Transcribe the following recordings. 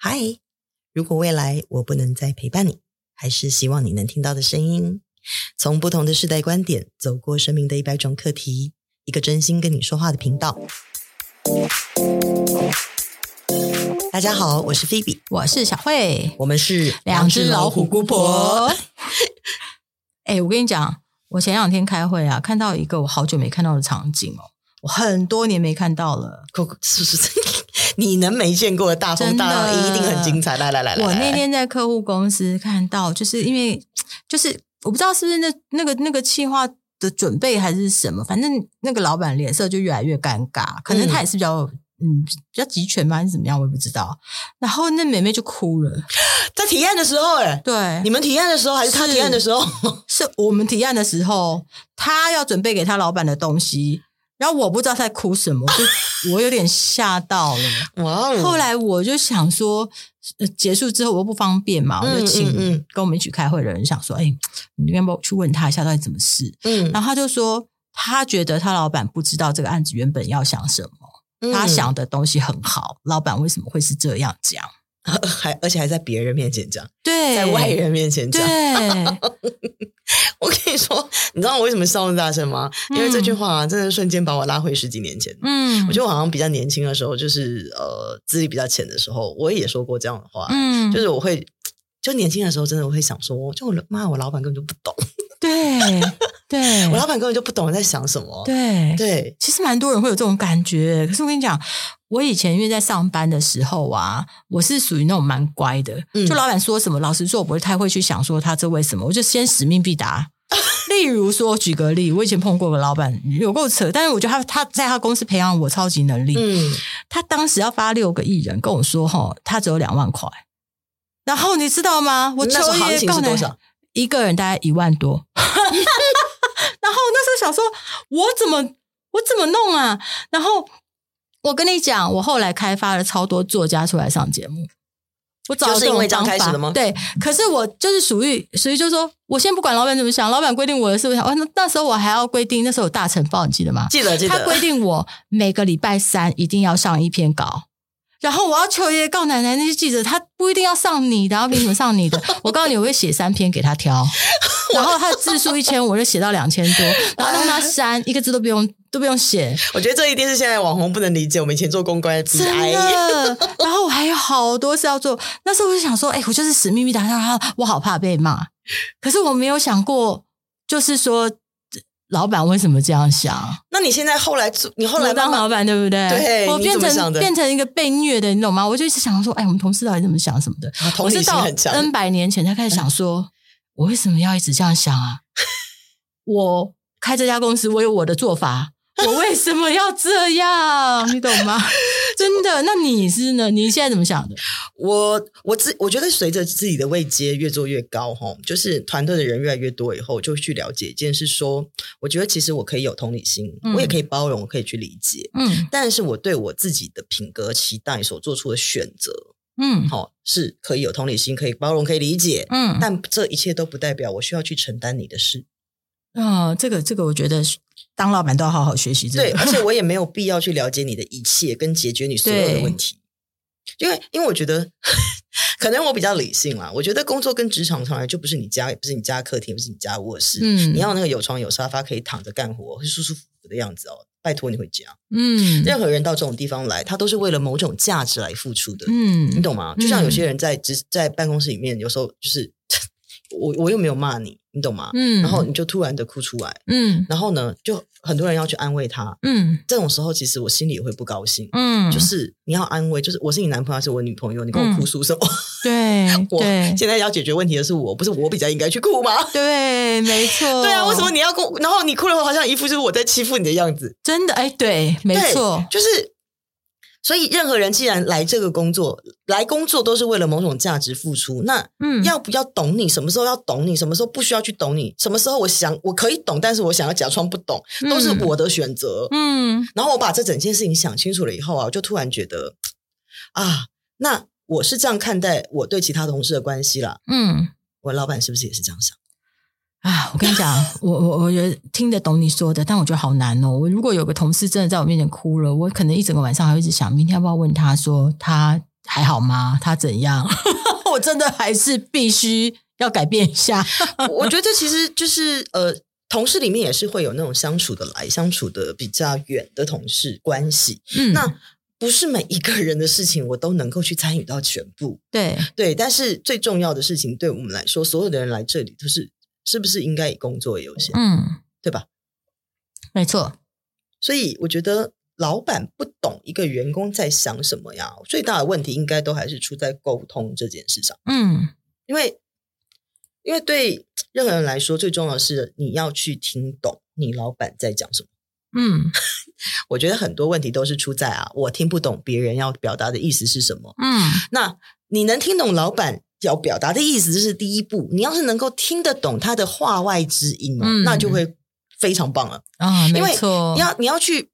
嗨，如果未來我不能再陪伴你，還是希望你能聽到的聲音。從不同的世代觀點，走過生命的一百種課題，一個真心跟你說話的頻道。大家好，我是菲比，我是小慧，我們是兩隻老虎姑婆。兩隻老虎姑婆 哎，我跟你講，我前兩天開會啊，看到一個我好久沒看到的場景哦，我很多年沒看到了，是不是？你能沒見過的大風大浪，真的一定很精彩！來來來來，我那天在客戶公司看到，就是因為就是我不知道是不是那那個那個企劃的準備還是什麼，反正那個老闆臉色就越來越尷尬，可能他也是比較嗯，嗯比較集權吧，還是怎麼樣，我也不知道。然後那妹妹就哭了，在提案的時候，欸，哎，對，你們提案的時候還是她提案的時候？是，是我們提案的時候，她要準備給她老闆的東西。然後我不知道他在哭什麼， 就我有點嚇到了。哇哦！後來我就想說、呃，結束之後我又不方便嘛，我就請跟我們一起開會的人、嗯嗯嗯、想說，哎，你要不要去問他一下到底怎麼事？嗯，然後他就說，他覺得他老板不知道這個案子原本要想什麼，嗯、他想的東西很好，老板為什麼會是這樣講？還而且還在別人面前講，對在外人面前講。對 我跟你說，你知道我為什麼笑那麼大聲嗎？嗯，因為這句話真的瞬間把我拉回十幾年前。嗯，我覺得我好像比較年輕的時候，就是呃，資歷比較淺的時候，我也說過這樣的話。嗯，就是我會，就年輕的時候真的我會想說，就我罵，我老闆根本就不懂。對。 對，我老闆根本就不懂我在想什麼，對對，對，其實蠻多人會有這種感覺。可是我跟你講，我以前因為在上班的時候啊，我是屬於那種蠻乖的，嗯、就老闆說什麼老實說，不會太會去想說他這為什麼，我就先使命必達。 例如說，舉個例，我以前碰過個老闆有夠扯，但是我覺得他他在他公司培養我超級能力。嗯，他當時要發六個藝人跟我說齁，他只有兩萬塊。然後你知道嗎？我求爺爺告奶奶，一個人大概一萬多。 我怎麼我怎麼弄啊？然後我跟你講，我後來開發了超多作家出來上節目。我就是因為這樣開始的嗎？對，可是我就是屬於，所以就是說，我先不管老板怎麼想，老板規定我的事情。哦，那那時候我還要規定，那時候有大成報，你記得嗎？記得記得。他規定我每個禮拜三一定要上一篇稿。然後我要求爺爺告奶奶，那些記者他不一定要上你的，然後憑什麼上你的？我告訴你，我會寫三篇給他挑，然後他的字數一千，我就寫到兩千多，然後讓他刪一個字都不用，都不用寫。我覺得這一定是現在網紅不能理解我們以前做公關的悲哀。然後我還有好多事要做，那時候我就想說，哎，我就是死命打他，我好怕被罵，可是我沒有想過，就是說。老闆為什麼這樣想，啊？那你現在後來做，你後來老當老闆對不對？對，我變成變成一個被虐的，你懂嗎？我就一直想說，哎，我們同事到底怎麼想什麼的？啊、同我是到 N 百年前才、嗯、開始想說，我為什麼要一直這樣想啊？ 我開這家公司，我有我的做法，我為什麼要這樣？ 你懂嗎？ 真的？那你是呢？你現在怎麼想的？我我自我覺得，隨着自己的位階越做越高，哈，就是團隊的人越來越多以後，我就去了解一件事說，說我覺得其實我可以有同理心，嗯、我也可以包容，我可以去理解，嗯。但是我對我自己的品格期待所做出的選擇，嗯，好是可以有同理心，可以包容，可以理解，嗯。但這一切都不代表我需要去承擔你的事。啊、哦，這個這個，我覺得當老闆都要好好學習。對，而且我也沒有必要去了解你的一切，跟解決你所有的問題。對因為，因為我覺得可能我比較理性啦。我覺得工作跟職場從來就不是你家，不是你家客廳，不是你家臥室。嗯、你要那個有床有沙發可以躺着幹活，是舒舒服服的樣子哦。拜托你回家。嗯，任何人到這種地方來，他都是為了某種價值來付出的。嗯，你懂嗎？就像有些人在職，嗯、在辦公室裡面，有時候就是我我又沒有罵你。你懂嗎？嗯，然後你就突然的哭出來，嗯，然後呢，就很多人要去安慰他，嗯，這種時候其實我心裡也會不高興，嗯，就是你要安慰，就是我是你男朋友，還是我女朋友，你跟我哭訴什麼？嗯、我對，我現在要解決問題的是我，不是我比較應該去哭嗎？對，沒錯，對啊，為什麼你要哭？然後你哭了，好像一副就是我在欺負你的樣子，真的？哎，對，沒錯，就是。所以，任何人既然來這個工作，來工作都是為了某種價值付出。那嗯，要不要懂你？什麼時候要懂你？什麼時候不需要去懂你？什麼時候我想我可以懂，但是我想要假裝不懂，都是我的選擇。嗯，然後我把這整件事情想清楚了以後啊，我就突然覺得啊，那我是這樣看待我對其他同事的關係啦。嗯，我老闆是不是也是這樣想？啊，我跟你講，我我我覺得聽得懂你說的，但我覺得好難哦。我如果有個同事真的在我面前哭了，我可能一整個晚上還會一直想，明天要不要問他說，說他還好嗎？他怎樣？ 我真的還是必須要改變一下。 我覺得這其實就是呃，同事裡面也是會有那種相處的來、相處的比較遠的同事關係。嗯，那不是每一個人的事情，我都能夠去參與到全部。對對，但是最重要的事情，對我們來說，所有的人來這裡都是。是不是應該以工作優先？嗯，對吧？沒錯，所以我覺得老闆不懂一個員工在想什麼呀，最大的問題應該都還是出在溝通這件事上。嗯，因為因為對任何人來說，最重要的是你要去聽懂你老闆在講什麼。嗯， 我覺得很多問題都是出在啊，我聽不懂別人要表達的意思是什麼。嗯，那你能聽懂老闆？要表達的意思就是第一步，你要是能夠聽得懂他的話外之音，哦，嗯、那就會非常棒了啊！因為你要，沒錯。你要，你要去，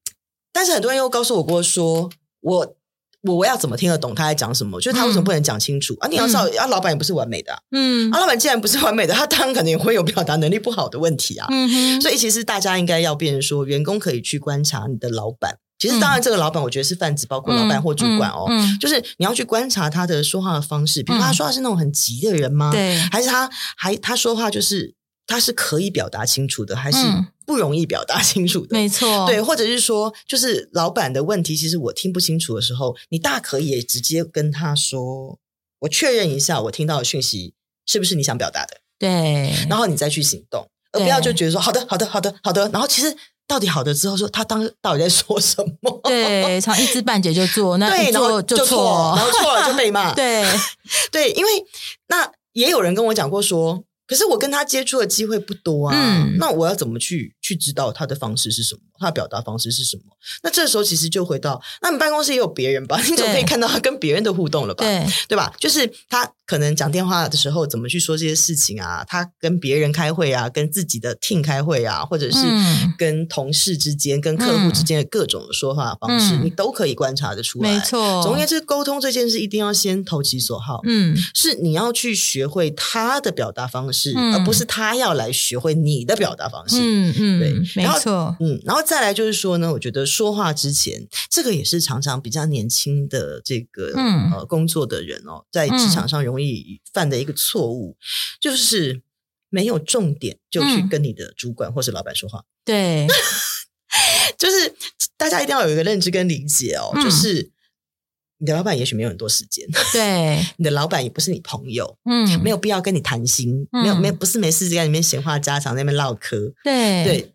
但是很多人又告訴我過說，我我我要怎麼聽得懂他在講什麼？就是他為什麼不能講清楚、嗯、啊？你要知道，嗯、啊，老板也不是完美的、啊，嗯，啊，老板既然不是完美的，他當然可能也會有表達能力不好的問題啊。嗯、哼。所以其實大家應該要變成說，員工可以去觀察你的老板。其實當然，這個老板我覺得是泛指，包括老板或主管哦。就是你要去觀察他的說話的方式，比如他說的是那種很急的人嗎？對，還是他還他說話就是他是可以表達清楚的，還是不容易表達清楚的？沒錯，對，或者是說，就是老板的問題，其實我聽不清楚的時候，你大可以直接跟他說，我確認一下我聽到的訊息是不是你想表達的？對，然後你再去行動，而不要就覺得說好的，好的，好的，好的，然後其實。到底好的之後說，他當到底在說什麼？對，常一知半解就做，那你做就錯。對，然後就錯，然後錯了就被罵。 對 對，因為那也有人跟我講過說，可是我跟他接觸的機會不多啊，嗯、那我要怎麼去？去知道他的方式是什麼，他的表達方式是什麼？那這時候其實就回到，那你辦公室也有別人吧？你總可以看到他跟別人的互動了吧？對對吧？就是他可能講電話的時候怎麼去說這些事情啊？他跟別人開會啊，跟自己的 team 開會啊，或者是跟同事之間、嗯、跟客戶之間的各種的說話方式，嗯嗯、你都可以觀察得出來。沒錯，總而言之，溝通這件事一定要先投其所好。嗯，是你要去學會他的表達方式，嗯、而不是他要來學會你的表達方式。嗯嗯。嗯對，沒錯，嗯，然後再來就是說呢，我覺得說話之前，這個也是常常比較年輕的這個、嗯、呃工作的人哦，在職場上容易犯的一個錯誤，嗯、就是沒有重點就去跟你的主管、嗯、或是老闆說話。對， 就是大家一定要有一個認知跟理解哦，嗯、就是。你的老闆也許沒有很多時間，對， 你的老闆也不是你朋友，嗯，沒有必要跟你談心，嗯、沒有沒有，不是沒事就在裡面閒話家常，在那邊嘮嗑，對對。對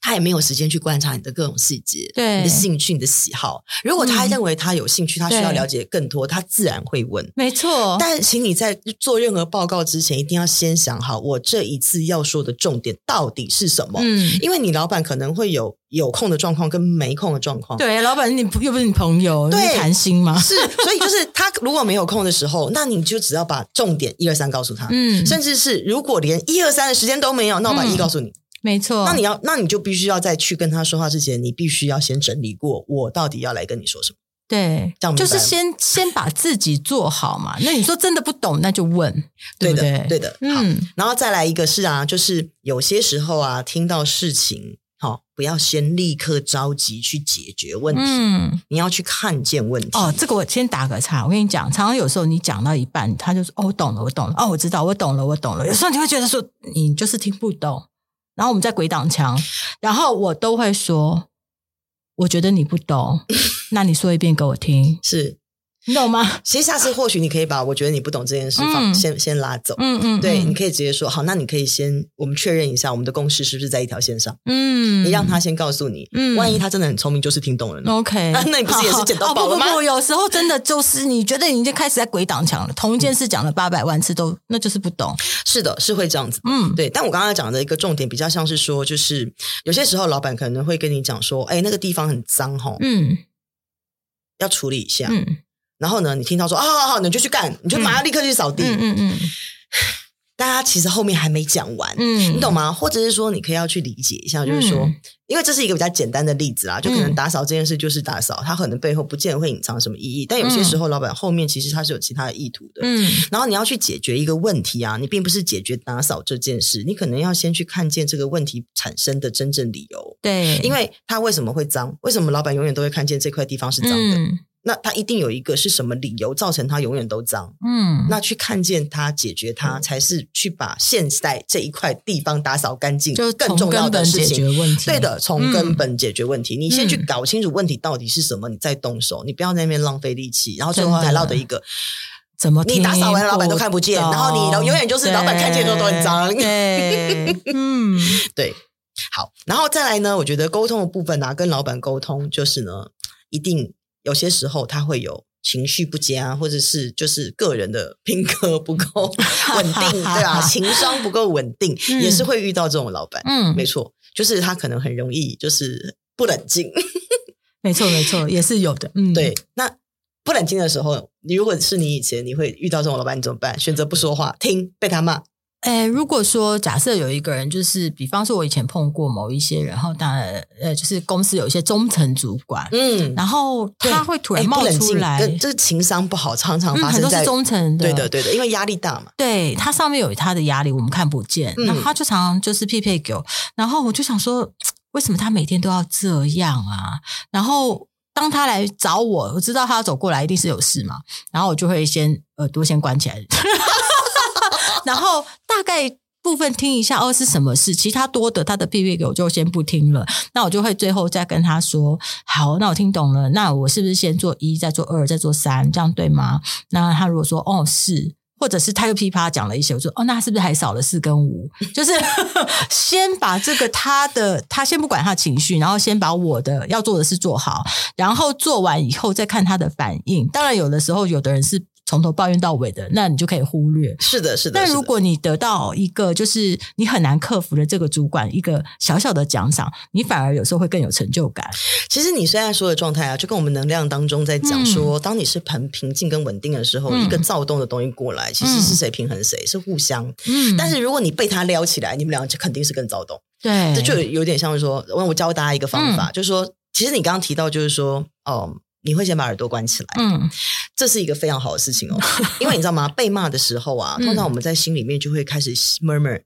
他也沒有時間去觀察你的各種細節，對你的興趣、你的喜好。如果他還認為他有興趣，嗯、他需要了解更多，對他自然會問。沒錯。但請你在做任何報告之前，一定要先想好我這一次要說的重點到底是什麼。嗯。因為你老板可能會有有空的狀況跟沒空的狀況。對，老板你又不是你朋友，對你談心嗎？是。所以就是他如果沒有空的時候，那你就只要把重點一二三告訴他。嗯。甚至是如果連一二三的時間都沒有，那我把一、嗯、告訴你。沒錯，那你要那你就必須要再去跟他說話之前，你必須要先整理過我到底要來跟你說什麼。對，這樣就是先先把自己做好嘛。 那你說真的不懂，那就問。對，對，對的，對的。嗯、好，然後再來一個，是啊，就是有些時候啊，聽到事情，好，不要先立刻着急去解決問題。嗯，你要去看見問題。哦，這個我先打個岔。我跟你講，常常有時候你講到一半，他就說：“哦，我懂了，我懂了。”哦，我知道我，我懂了，我懂了。有時候你會覺得說，你就是聽不懂。然後我們在鬼擋牆，然後我都會說，我覺得你不懂， 那你說一遍給我聽是。你懂嗎？其實下次或許你可以把我覺得你不懂這件事放先先拉走。嗯嗯，對，你可以直接說好，那你可以先我們確認一下我們的共識是不是在一條線上？嗯，你讓他先告訴你，嗯，萬一他真的很聰明，就是聽懂了呢。OK，那你不是也是撿到寶嗎？不不不，有時候真的就是你覺得你已經開始在鬼擋牆了，同一件事講了八百萬次都那就是不懂。是的，是會這樣子。嗯，對，但我剛剛講的一個重點比較像是說，就是有些時候老闆可能會跟你講說，哎，那個地方很髒哈，嗯，要處理一下。嗯。然後呢，你聽到說啊，好、哦、好好，你就去幹，你就馬上立刻去掃地。嗯嗯。大、嗯、家、嗯嗯、其實後面還沒講完，嗯，你懂嗎？或者是說，你可以要去理解一下，嗯，就是說，因為這是一個比較簡單的例子啊，就可能打掃這件事就是打掃，嗯，它可能背後不見得會隱藏什麼意義。但有些時候，老板後面其實他是有其他的意圖的。嗯。然後你要去解決一個問題啊，你並不是解決打掃這件事，你可能要先去看見這個問題產生的真正理由。對。因為它為什麼會髒？為什麼老板永遠都會看見這塊地方是髒的？嗯。那他一定有一個是什麼理由造成他永遠都髒？嗯，那去看見他，解決他，才是去把現在這一塊地方打掃乾淨，就是更重要的事情，解決問題。對的，從根本解決問題。你先去搞清楚問題到底是什麼，你再動手，你不要在那邊浪費力氣。然後最後還落的一個，怎麼你打掃完，老闆都看不見，然後你永遠就是老闆看見都都很髒。對，嗯，對，好，然後再來呢？我覺得溝通的部分呢，跟老闆溝通就是呢，一定。有些時候他會有情緒不佳，啊，或者是就是個人的品格不夠穩定，哈哈哈哈對吧？情商不夠穩定，嗯、也是會遇到這種老板。嗯，沒錯，就是他可能很容易就是不冷靜。 沒錯，沒錯，也是有的。嗯，對，那不冷靜的時候，你如果是你以前你會遇到這種老板，你怎麼辦？選擇不說話，聽，被他罵。哎、欸，如果說假設有一個人，就是比方說，我以前碰過某一些人，然後當然，呃，就是公司有一些中層主管，嗯，然後他會突然冒出來，欸、就是情商不好，常常發生、嗯、很都是中層，對的，對的，因為壓力大嘛，對，他上面有他的壓力，我們看不見，嗯、然後他就常常就是批給我，然後我就想說，為什麼他每天都要這樣啊？然後當他來找我，我知道他要走過來一定是有事嘛，然後我就會先耳朵、呃、先關起來。 然後大概部分聽一下哦，是什麼事，其他多的他的批評我就先不聽了。那我就會最後再跟他說：好，那我聽懂了。那我是不是先做一，再做二，再做三，這樣對嗎？那他如果說哦是，或者是他又噼啪講了一些，我說哦，那是不是還少了四跟五？就是 先把這個他的他先不管他情緒，然後先把我的要做的事做好，然後做完以後再看他的反應。當然，有的時候有的人是。從頭抱怨到尾的，那你就可以忽略。是的，是的。那如果你得到一個，就是你很難克服的這個主管一個小小的獎賞，你反而有時候會更有成就感。其實你現在說的狀態啊，就跟我們能量當中在講說，嗯、當你是很平靜跟穩定的時候，嗯、一個躁動的東西過來，其實是誰平衡誰、嗯、是互相。嗯、但是如果你被他撩起來，你們兩個就肯定是更躁動。對。這就有點像說，我教大家一個方法，嗯、就是說，其實你剛剛提到，就是說，哦、嗯。你會先把耳朵關起來，嗯，這是一個非常好的事情哦， 因為你知道嗎？被罵的時候啊，嗯、通常我們在心裡面就會開始 murmur，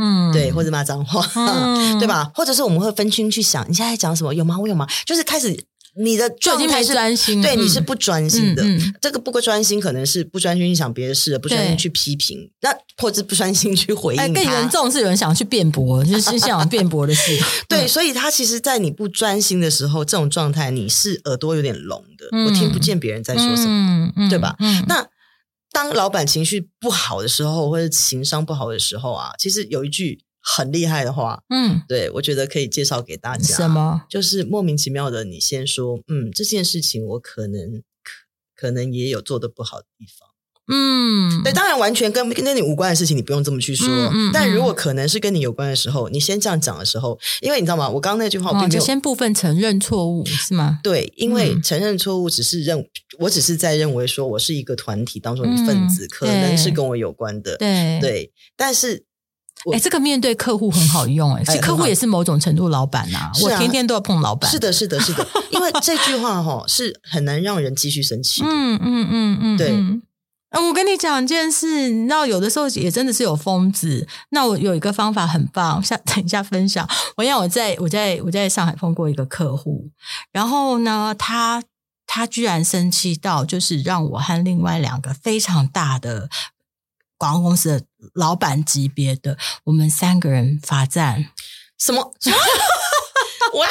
嗯，對，或者罵髒話，嗯、 對吧？或者是我們會分心去想，你現在講什麼？有嗎？我有嗎？就是開始。你的狀態是專心，對，你是不專心的。這個不夠專心可能是不專心去想別的事，不專心去批評，那或者不專心去回應。哎，更嚴重是有人想要去辯駁，就是想辯駁的事。對，所以他其實，在你不專心的時候，這種狀態你是耳朵有點聾的，我聽不見別人在說什麼，對吧？那當老闆情緒不好的時候，或者情商不好的時候啊，其實有一句。很厲害的話，嗯，對，我覺得可以介紹給大家。什麼？就是莫名其妙的，你先說，嗯，這件事情我可能可能也有做得不好的地方，嗯，對，當然完全跟跟你無關的事情，你不用這麼去說。嗯嗯、但如果可能是跟你有關的時候，你先這樣講的時候，因為你知道嗎？我剛剛那句話我並沒有，我、哦、就先部分承認錯誤是嗎？對，因為承認錯誤只是認，我只是在認為說我是一個團體當中一份子，嗯、可能是跟我有關的，對對，但是。哎我、欸，這個面對客戶很好用。欸欸、其實客戶也是某種程度老闆吶，啊，欸、我天天都要碰老闆。啊。是的，是的，是的，因為這句話吼，哦， 是很難讓人繼續生氣的嗯。嗯嗯嗯嗯，對嗯。我跟你講一件事，那有的時候也真的是有瘋子。那我有一個方法很棒，等一下分享。我因我在我在我在上海碰過一個客戶，然後呢，他他居然生氣到，就是讓我和另外兩個非常大的。廣告公司的老板級別的，我們三個人罰站，什麼什麼 ？What？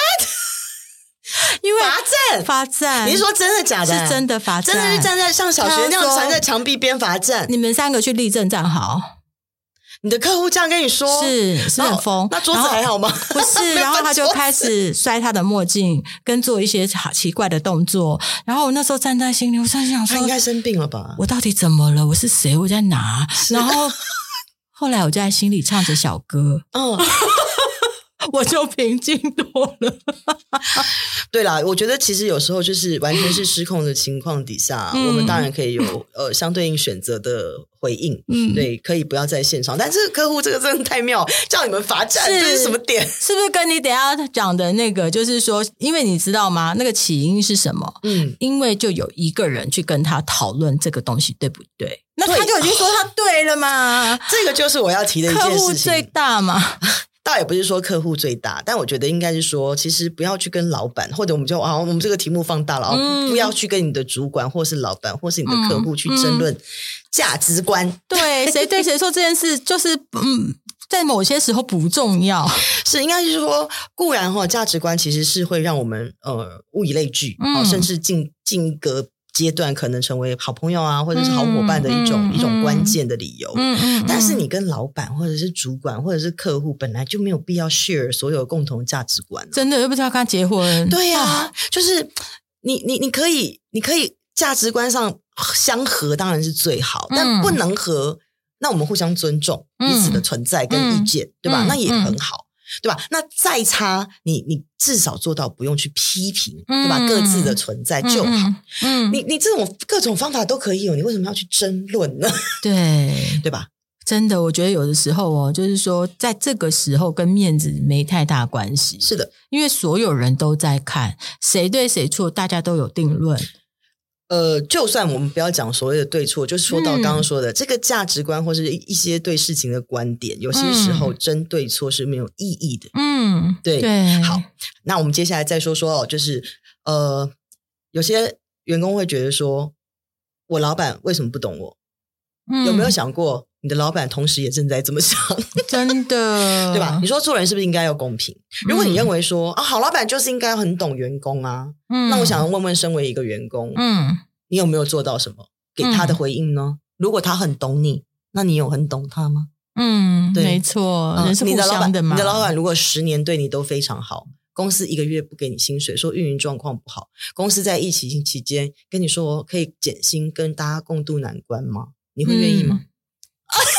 因為罰站罰站，你是說真的假的？是真的罰站，真的是站在像小學那樣站在牆壁邊罰站。你們三個去立正站好。你的客戶這樣跟你說是，是很瘋、哦。那桌子還好嗎？不是後，然後，然後他就開始摔他的墨鏡，跟做一些好奇怪的動作。然後我那時候站在心裡，我就想說，他應該生病了吧？我到底怎麼了？我是誰？我在哪？的然後後來我就在心裡唱着小歌，嗯、哦。 我就平靜多了 對啦，我覺得其實有時候就是完全是失控的情況底下，嗯、我們當然可以有呃相對應選擇的回應。嗯，對，可以不要在現場。但是客戶這個真的太妙，叫你們罰站，是，這是什麼點？是不是跟你等一下講的那個？就是說，因為你知道嗎？那個起因是什麼？嗯，因為就有一個人去跟他討論這個東西，對不對？那他就已經說他對了嘛。哦、這個就是我要提的一件事情，客戶最大嘛。倒也不是說客戶最大，但我覺得應該是說，其實不要去跟老闆或者我們就啊，我們這個題目放大了，嗯、不要去跟你的主管或是老闆或是你的客戶去爭論價值觀。嗯嗯、對，誰對誰錯這件事，就是嗯，在某些時候不重要。是，應該就是說，固然哈，價值觀其實是會讓我們呃物以類聚，嗯、甚至進進格。階段可能成為好朋友啊，或者是好夥伴的一種、嗯、一種關鍵的理由。嗯，嗯，嗯，但是你跟老闆或者是主管或者是客戶本來就沒有必要 share 所有共同價值觀，真的又不是要跟他結婚。對呀、啊，哇就是你你你可以你可以價值觀上相合當然是最好，但不能合、嗯、那我們互相尊重彼此的存在跟意見，嗯、對吧？那也很好。對吧？那再差，你你至少做到不用去批評，對吧？嗯，各自的存在就好。嗯，嗯嗯。你你這種各種方法都可以有，你為什麼要去爭論呢？對對吧？真的，我覺得有的時候哦，就是說在這個時候跟面子沒太大關係。是的，因為所有人都在看誰對誰錯，大家都有定論。嗯呃，就算我們不要講所謂的對錯，就是說到剛剛說的、嗯、這個價值觀，或是一一些對事情的觀點，有些時候真對錯是沒有意義的。嗯，對。對，好，那我們接下來再說說，哦，就是呃，有些員工會覺得說，我老板為什麼不懂我？嗯、有沒有想過？你的老闆同時也正在這麼想，真的， 對吧？你說做人是不是應該要公平？嗯、如果你認為說啊，好老闆就是應該很懂員工啊，嗯，那我想問問，身為一個員工，嗯，你有沒有做到什麼給他的回應呢？嗯、如果他很懂你，那你有很懂他嗎？嗯，對。沒錯錯，呃、人是互相的嘛。你的老闆，你的老闆如果十年對你都非常好，公司一個月不給你薪水，說運營狀況不好，公司在疫情期間跟你說可以減薪，跟大家共度難關嗎？你會願意嗎？嗯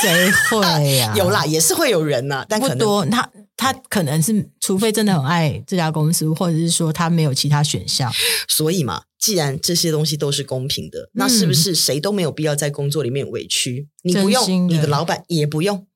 誰會啊，啊？有啦，也是會有人吶，但可能不多。他他可能是，除非真的很愛這家公司，或者是說他沒有其他選項。所以嘛，既然這些東西都是公平的，那是不是誰都沒有必要在工作裡面委屈？嗯、你不用，的你的老闆也不用，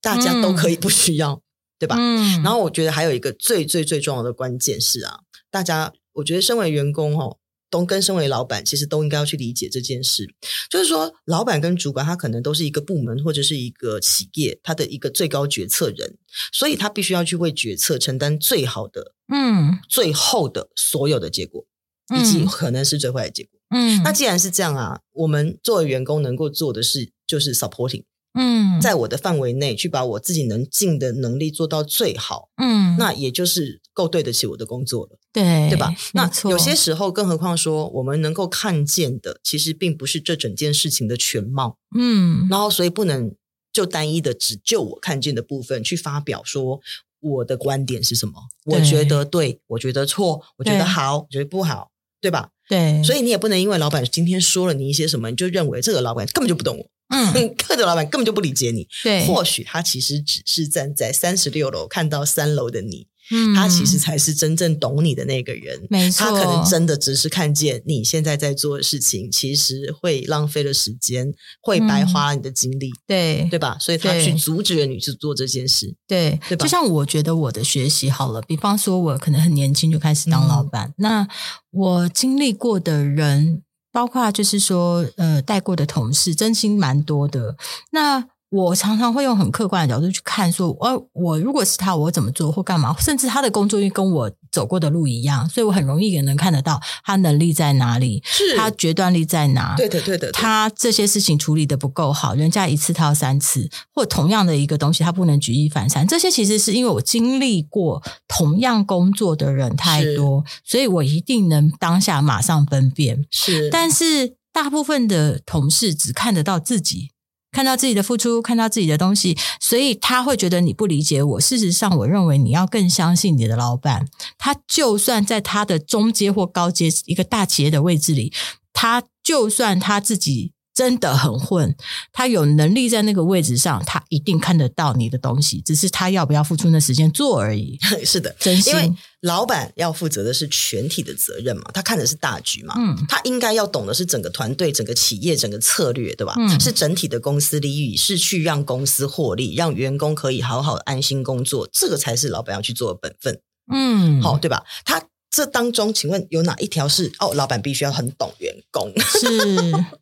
大家都可以不需要，嗯、對吧？嗯，然後我覺得還有一個最最最重要的關鍵是啊，大家，我覺得身為員工哦。都跟身為老闆，其實都應該要去理解這件事，就是說，老闆跟主管他可能都是一個部門或者是一個企業他的一個最高決策人，所以他必須要去為決策承擔最好的，嗯，最後的所有的結果，嗯、以及可能是最壞的結果。嗯，那既然是這樣啊，我們作為員工能夠做的事，就是 supporting，嗯，在我的範圍內去把我自己能盡的能力做到最好，嗯，那也就是，夠對得起我的工作了，對對吧？沒錯那有些時候，更何況說我們能夠看見的，其實並不是這整件事情的全貌。嗯，然後所以不能就單一的只就我看見的部分去發表說我的觀點是什麼？對我覺得對，我覺得錯，我覺得好，對我覺得不好，對吧？對，所以你也不能因為老板今天說了你一些什麼，你就認為這個老板根本就不懂我，嗯，這個老板根本就不理解你。對，或許他其實只是站在三十六樓看到三樓的你。嗯、他其實才是真正懂你的那個人，沒錯。他可能真的只是看見你現在在做的事情，其實會浪費了時間，嗯、會白花了你的精力，對對吧？所以他去阻止了你去做這件事，對對吧？就像我覺得我的學習好了，比方說，我可能很年輕就開始當老闆，嗯、那我經歷過的人，包括就是說，呃，帶過的同事，真心蠻多的，那。我常常會用很客觀的角度去看，說，哦，我如果是他，我怎麼做或幹嘛？甚至他的工作又跟我走過的路一樣，所以我很容易也能看得到他能力在哪裡，是他決斷力在哪？對的，對的對。他這些事情處理得不夠好，人家一次他要三次，或同樣的一個東西，他不能舉一反三。這些其實是因為我經歷過同樣工作的人太多，是所以我一定能當下馬上分辨。是，但是大部分的同事只看得到自己。看到自己的付出，看到自己的東西，所以他會覺得你不理解我。事實上，我認為你要更相信你的老闆。他就算在他的中階或高階一個大企業的位置裡，他就算他自己。真的很混，他有能力在那個位置上，他一定看得到你的東西，只是他要不要付出那時間做而已。是的，真心。因為老闆要負責的是全體的責任嘛，他看的是大局嘛，嗯，他應該要懂的是整個團隊、整個企業、整個策略，對吧？嗯，是整體的公司利益，是去讓公司獲利，讓員工可以好好安心工作，這個才是老闆要去做的本分。嗯，好，哦，對吧？他這當中，請問有哪一條是哦，老闆必須要很懂員工？是。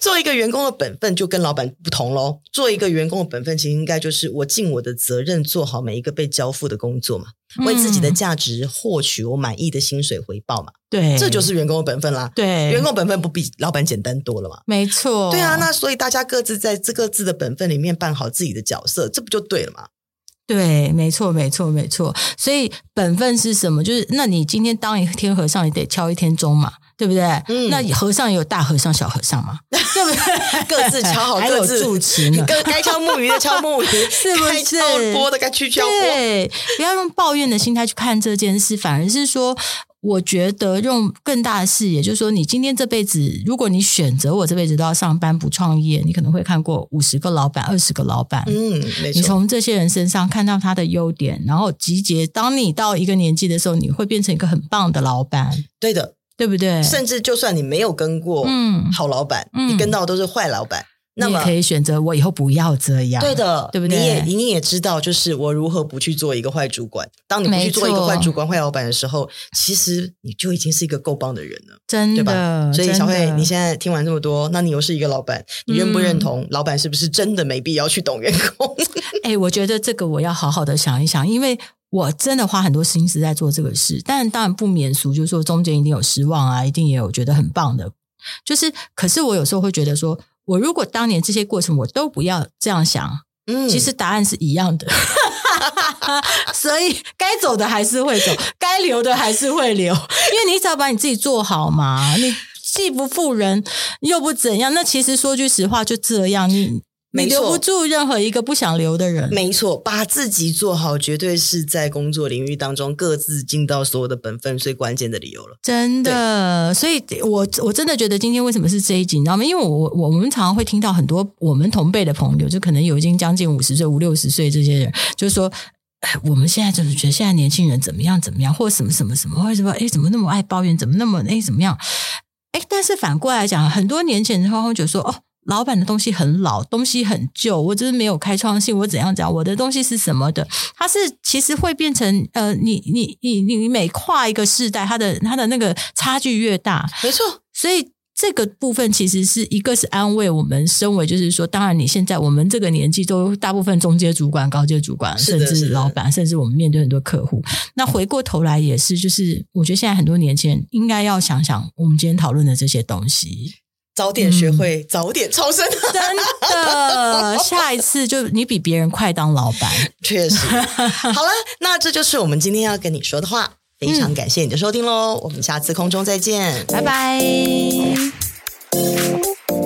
做一個員工的本分就跟老板不同嘍。做一個員工的本分，其實應該就是我盡我的責任，做好每一個被交付的工作嘛，為自己的價值獲取我滿意的薪水回報嘛。對、嗯，這就是員工的本分啦。對，員工本分不比老板簡單多了嘛？沒錯。對啊，那所以大家各自在各自的本分裡面扮好自己的角色，這不就對了嗎？對，沒錯，沒錯，沒錯。所以本分是什麼？就是那你今天當一天和尚，也得敲一天鐘嘛。對不對？嗯、那和尚也有大和尚、小和尚嘛？對不對？各自敲好各自？還有住持呢？該敲木魚的敲木魚， 是不是？該播的該去播。對，不要用抱怨的心態去看這件事，反而是說，我覺得用更大的視野，也就是說，你今天這輩子，如果你選擇我這輩子都要上班不創業，你可能會看過五十個老板、二十個老板。嗯，沒錯。你從這些人身上看到他的優點，然後集結。當你到一個年紀的時候，你會變成一個很棒的老板。對的。對不對？甚至就算你沒有跟過好老闆，你、嗯嗯、跟到的都是壞老闆。那麼可以選擇我以後不要這樣，對的，對不對？你也，你也知道，就是我如何不去做一個壞主管。當你不去做一個壞主管、壞老闆的時候，沒錯。其實你就已經是一個夠棒的人了，真的，對吧？所以小慧，真的。你現在聽完這麼多，那你又是一個老闆，你認不認同老闆是不是真的沒必要去懂員工？哎、嗯 欸，我覺得這個我要好好的想一想，因為我真的花很多心思在做這個事，但當然不免俗，就是說中間一定有失望啊，一定也有覺得很棒的，就是，可是我有時候會覺得說。我如果當年這些過程我都不要這樣想，嗯，其實答案是一樣的， 所以該走的還是會走，該留的還是會留， 因為你只要把你自己做好嘛，你既不負人又不怎樣，那其實說句實話就這樣，你。你留不住任何一個不想留的人，沒錯，把自己做好，絕對是在工作領域當中各自盡到所有的本分，最關鍵的理由了。真的，對所以，我我真的覺得今天為什麼是這一集，你知道嗎？因為我我我們常常會聽到很多我們同輩的朋友，就可能有已經將近五十歲、五六十歲這些人，就說，我們現在就是覺得現在年輕人怎麼樣怎麼樣，或什麼什麼什麼，為什麼哎，怎麼那麼愛抱怨，怎麼那麼哎怎麼樣？哎，但是反過來講，很多年輕人，就覺得說哦。老闆的東西很老，東西很舊，我只是沒有開創性。我怎樣講？我的東西是什麼的？它是其實會變成呃，你你你你你每跨一個世代，它的它的那個差距越大，沒錯。所以這個部分其實是一個是安慰我們，身為就是說，當然你現在我們這個年紀都大部分中階主管、高階主管，是的是的甚至老闆，甚至我們面對很多客戶。那回過頭來也是，就是我覺得現在很多年輕人應該要想想我們今天討論的這些東西。早點學會，嗯、早點超生。真的， 下一次就你比別人快當老闆。確實， 好了，那這就是我們今天要跟你說的話。非常感謝你的收聽嘍，嗯、我們下次空中再見，拜拜。嗯